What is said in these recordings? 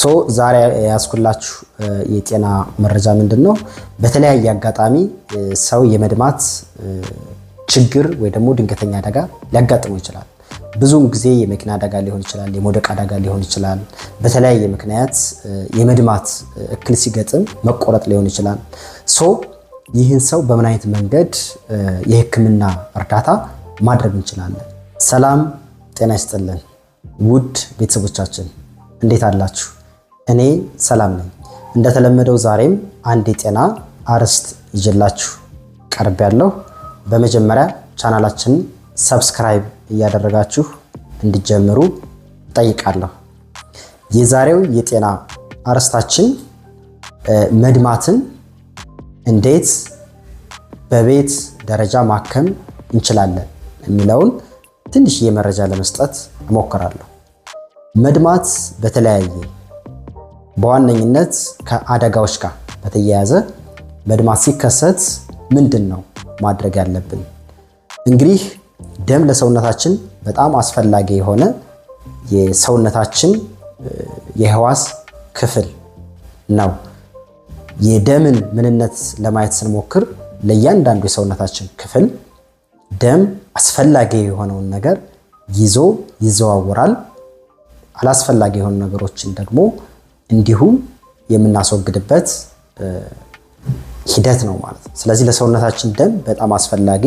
ሶ ዛሬ ያስኩላችሁ የጤና መረጃ ምንድን ነው? በተለያየ አጋጣሚ ሰው የመድማት ችግር ወይ ደግሞ ድንገተኛ አደጋ ሊያጋጥመው ይችላል። ብዙውን ጊዜ የመኪና አደጋ ሊሆን ይችላል፣ የመውደቅ አደጋ ሊሆን ይችላል። በተለያየ ምክንያት የመድማት እክል ሲገጥም መቆረጥ ሊሆን ይችላል። ሶ ይህን ሰው በምን አይነት መንገድ የህክምና እርዳታ ማድረግ እንችላለን? ሰላም ጤና ይስጥልን ውድ ቤተሰቦቻችን እንዴት አላችሁ? እኔ ሰላም ነኝ። እንደተለመደው ዛሬም አንድ የጤና አርዕስት ይዤላችሁ ቀርብ ያለሁ። በመጀመሪያ ቻናላችንን ሰብስክራይብ እያደረጋችሁ እንዲጀምሩ ጠይቃለሁ። የዛሬው የጤና አርዕስታችን መድማትን እንዴት በቤት ደረጃ ማከም እንችላለን የሚለውን ትንሽ የመረጃ ለመስጠት እሞክራለሁ። መድማት በተለያየ በዋነኝነት ከአደጋዎች ጋር በተያያዘ መድማት ሲከሰት ምንድን ነው ማድረግ ያለብን? እንግዲህ ደም ለሰውነታችን በጣም አስፈላጊ የሆነ የሰውነታችን የህዋስ ክፍል ነው። የደምን ምንነት ለማየት ስንሞክር ለእያንዳንዱ የሰውነታችን ክፍል ደም አስፈላጊ የሆነውን ነገር ይዞ ይዘዋወራል። አላስፈላጊ የሆኑ ነገሮችን ደግሞ እንዲሁም የምናስወግድበት ሂደት ነው ማለት ነው። ስለዚህ ለሰውነታችን ደም በጣም አስፈላጊ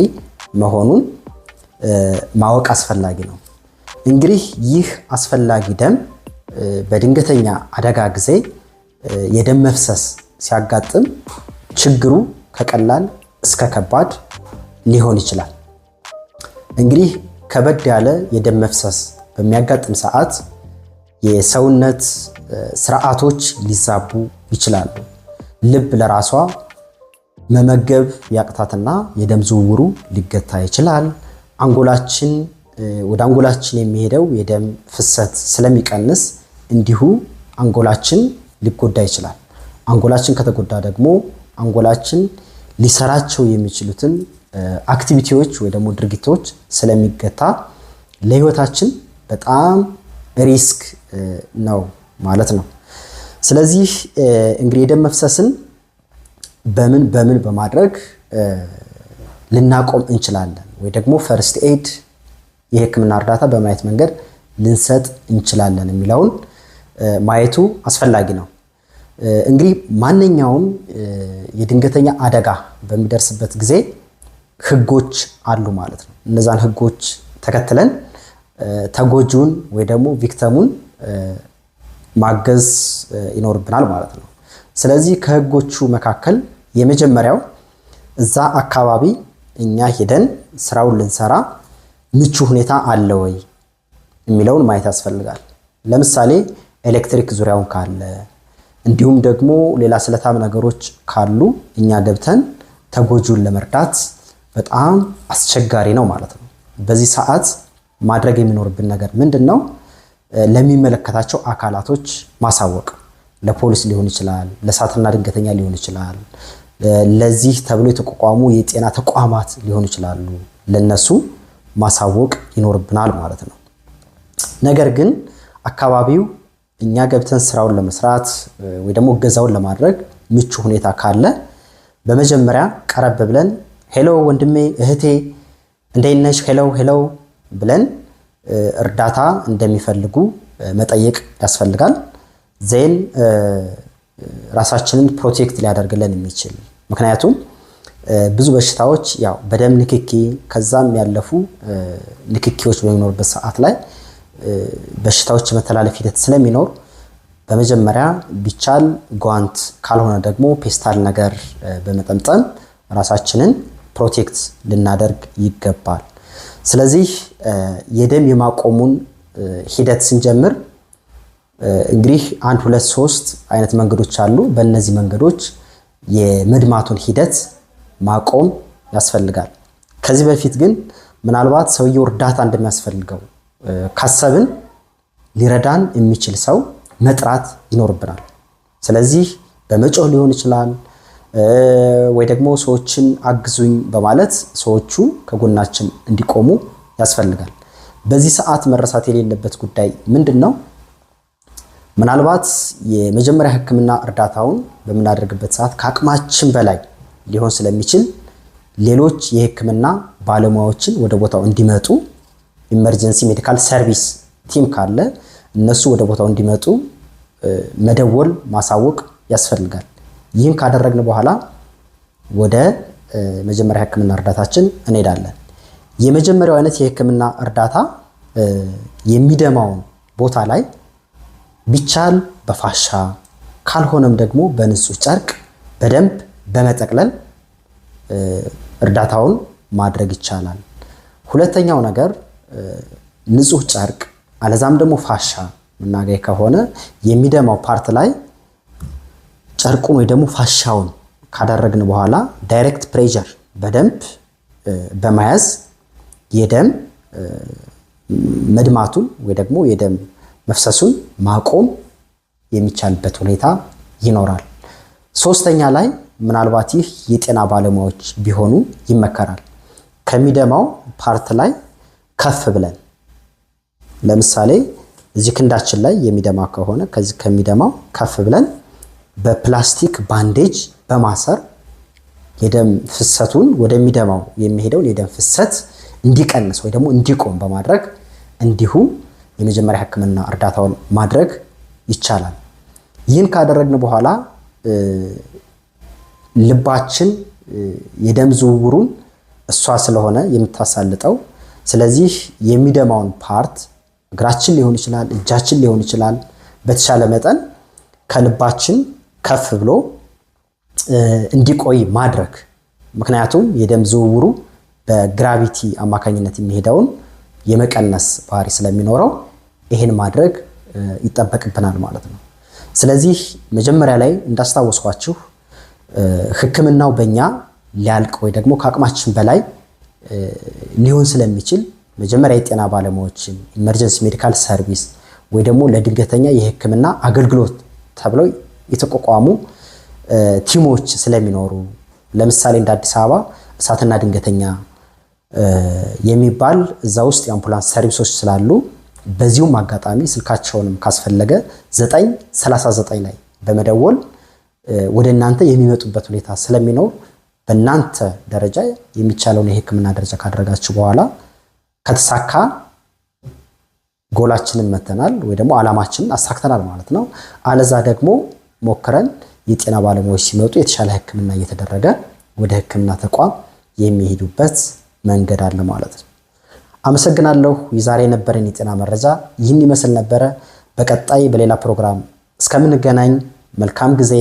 መሆኑን ማወቅ አስፈላጊ ነው። እንግዲህ ይህ አስፈላጊ ደም በድንገተኛ አደጋ ጊዜ የደም መፍሰስ ሲያጋጥም ችግሩ ከቀላል እስከ ከባድ ሊሆን ይችላል። እንግዲህ ከበድ ያለ የደም መፍሰስ በሚያጋጥም ሰዓት የሰውነት ስርዓቶች ሊዛቡ ይችላሉ። ልብ ለራሷ መመገብ ያቅታትና የደም ዝውውሩ ሊገታ ይችላል። አንጎላችን ወደ አንጎላችን የሚሄደው የደም ፍሰት ስለሚቀንስ እንዲሁ አንጎላችን ሊጎዳ ይችላል። አንጎላችን ከተጎዳ ደግሞ አንጎላችን ሊሰራቸው የሚችሉትን አክቲቪቲዎች ወይ ደግሞ ድርጊቶች ስለሚገታ ለህይወታችን በጣም ሪስክ ነው። ማለት ነው። ስለዚህ እንግዲህ የደም መፍሰስን በምን በምን በማድረግ ልናቆም እንችላለን ወይ ደግሞ ፈርስት ኤድ የህክምና እርዳታ በማየት መንገድ ልንሰጥ እንችላለን የሚለውን ማየቱ አስፈላጊ ነው። እንግዲህ ማንኛውም የድንገተኛ አደጋ በሚደርስበት ጊዜ ህጎች አሉ ማለት ነው። እነዛን ህጎች ተከትለን ተጎጂውን ወይ ደግሞ ቪክተሙን ማገዝ ይኖርብናል ማለት ነው። ስለዚህ ከህጎቹ መካከል የመጀመሪያው እዛ አካባቢ እኛ ሄደን ስራውን ልንሰራ ምቹ ሁኔታ አለ ወይ የሚለውን ማየት ያስፈልጋል። ለምሳሌ ኤሌክትሪክ ዙሪያውን ካለ እንዲሁም ደግሞ ሌላ ስለታም ነገሮች ካሉ እኛ ገብተን ተጎጂውን ለመርዳት በጣም አስቸጋሪ ነው ማለት ነው። በዚህ ሰዓት ማድረግ የሚኖርብን ነገር ምንድን ነው? ለሚመለከታቸው አካላቶች ማሳወቅ ለፖሊስ ሊሆን ይችላል፣ ለእሳትና ድንገተኛ ሊሆን ይችላል፣ ለዚህ ተብሎ የተቋቋሙ የጤና ተቋማት ሊሆን ይችላሉ። ለነሱ ማሳወቅ ይኖርብናል ማለት ነው። ነገር ግን አካባቢው እኛ ገብተን ስራውን ለመስራት ወይ ደግሞ እገዛውን ለማድረግ ምቹ ሁኔታ ካለ በመጀመሪያ ቀረብ ብለን ሄሎ ወንድሜ እህቴ እንደት ነሽ? ሄሎ ሄሎ ብለን እርዳታ እንደሚፈልጉ መጠየቅ ያስፈልጋል። ዜን ራሳችንን ፕሮቴክት ሊያደርግልን የሚችል ምክንያቱም ብዙ በሽታዎች ያው በደም ንክኪ ከዛም ያለፉ ንክኪዎች በሚኖርበት ሰዓት ላይ በሽታዎች መተላለፍ ሂደት ስለሚኖር በመጀመሪያ ቢቻል ጓንት ካልሆነ ደግሞ ፔስታል ነገር በመጠምጠም ራሳችንን ፕሮቴክት ልናደርግ ይገባል። ስለዚህ የደም የማቆሙን ሂደት ስንጀምር እንግዲህ አንድ ሁለት ሶስት አይነት መንገዶች አሉ። በእነዚህ መንገዶች የመድማቱን ሂደት ማቆም ያስፈልጋል። ከዚህ በፊት ግን ምናልባት ሰውየው እርዳታ እንደሚያስፈልገው ካሰብን ሊረዳን የሚችል ሰው መጥራት ይኖርብናል። ስለዚህ በመጮህ ሊሆን ይችላል ወይ ደግሞ ሰዎችን አግዙኝ በማለት ሰዎቹ ከጎናችን እንዲቆሙ ያስፈልጋል። በዚህ ሰዓት መረሳት የሌለበት ጉዳይ ምንድን ነው? ምናልባት የመጀመሪያ ሕክምና እርዳታውን በምናደርግበት ሰዓት ከአቅማችን በላይ ሊሆን ስለሚችል ሌሎች የሕክምና ባለሙያዎችን ወደ ቦታው እንዲመጡ ኢመርጀንሲ ሜዲካል ሰርቪስ ቲም ካለ እነሱ ወደ ቦታው እንዲመጡ መደወል ማሳወቅ ያስፈልጋል። ይህን ካደረግን በኋላ ወደ መጀመሪያ ህክምና እርዳታችን እንሄዳለን። የመጀመሪያው አይነት የህክምና እርዳታ የሚደማውን ቦታ ላይ ቢቻል በፋሻ ካልሆነም ደግሞ በንጹህ ጨርቅ በደንብ በመጠቅለል እርዳታውን ማድረግ ይቻላል። ሁለተኛው ነገር ንጹህ ጨርቅ አለዛም ደግሞ ፋሻ ምናገኝ ከሆነ የሚደማው ፓርት ላይ ጨርቁን ወይ ደግሞ ፋሻውን ካደረግን በኋላ ዳይሬክት ፕሬዠር በደንብ በመያዝ የደም መድማቱን ወይ ደግሞ የደም መፍሰሱን ማቆም የሚቻልበት ሁኔታ ይኖራል። ሶስተኛ ላይ ምናልባት ይህ የጤና ባለሙያዎች ቢሆኑ ይመከራል። ከሚደማው ፓርት ላይ ከፍ ብለን ለምሳሌ እዚህ ክንዳችን ላይ የሚደማ ከሆነ ከዚህ ከሚደማው ከፍ ብለን በፕላስቲክ ባንዴጅ በማሰር የደም ፍሰቱን ወደሚደማው የሚሄደውን የደም ፍሰት እንዲቀንስ ወይ ደግሞ እንዲቆም በማድረግ እንዲሁም የመጀመሪያ ሕክምና እርዳታውን ማድረግ ይቻላል። ይህን ካደረግን በኋላ ልባችን የደም ዝውውሩን እሷ ስለሆነ የምታሳልጠው፣ ስለዚህ የሚደማውን ፓርት እግራችን ሊሆን ይችላል፣ እጃችን ሊሆን ይችላል፣ በተሻለ መጠን ከልባችን ከፍ ብሎ እንዲቆይ ማድረግ ምክንያቱም የደም ዝውውሩ በግራቪቲ አማካኝነት የሚሄደውን የመቀነስ ባህሪ ስለሚኖረው ይህን ማድረግ ይጠበቅብናል ማለት ነው። ስለዚህ መጀመሪያ ላይ እንዳስታወስኳችሁ ሕክምናው በእኛ ሊያልቅ ወይ ደግሞ ከአቅማችን በላይ ሊሆን ስለሚችል መጀመሪያ የጤና ባለሙያዎችን ኢመርጀንሲ ሜዲካል ሰርቪስ ወይ ደግሞ ለድንገተኛ የሕክምና አገልግሎት ተብለው የተቋቋሙ ቲሞች ስለሚኖሩ ለምሳሌ እንደ አዲስ አበባ እሳትና ድንገተኛ የሚባል እዛ ውስጥ የአምቡላንስ ሰርቪሶች ስላሉ በዚሁም አጋጣሚ ስልካቸውንም ካስፈለገ 939 ላይ በመደወል ወደ እናንተ የሚመጡበት ሁኔታ ስለሚኖር በእናንተ ደረጃ የሚቻለውን የሕክምና ደረጃ ካደረጋችሁ በኋላ ከተሳካ ጎላችንን መተናል ወይ ደግሞ አላማችንን አሳክተናል ማለት ነው። አለዛ ደግሞ ሞክረን የጤና ባለሙያዎች ሲመጡ የተሻለ ሕክምና እየተደረገ ወደ ሕክምና ተቋም የሚሄዱበት መንገድ አለ ማለት ነው። አመሰግናለሁ። የዛሬ የነበረን የጤና መረጃ ይህን ይመስል ነበረ። በቀጣይ በሌላ ፕሮግራም እስከምንገናኝ መልካም ጊዜ።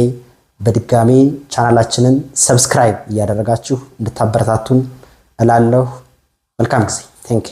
በድጋሜ ቻናላችንን ሰብስክራይብ እያደረጋችሁ እንድታበረታቱን እላለሁ። መልካም ጊዜ። ቴንክ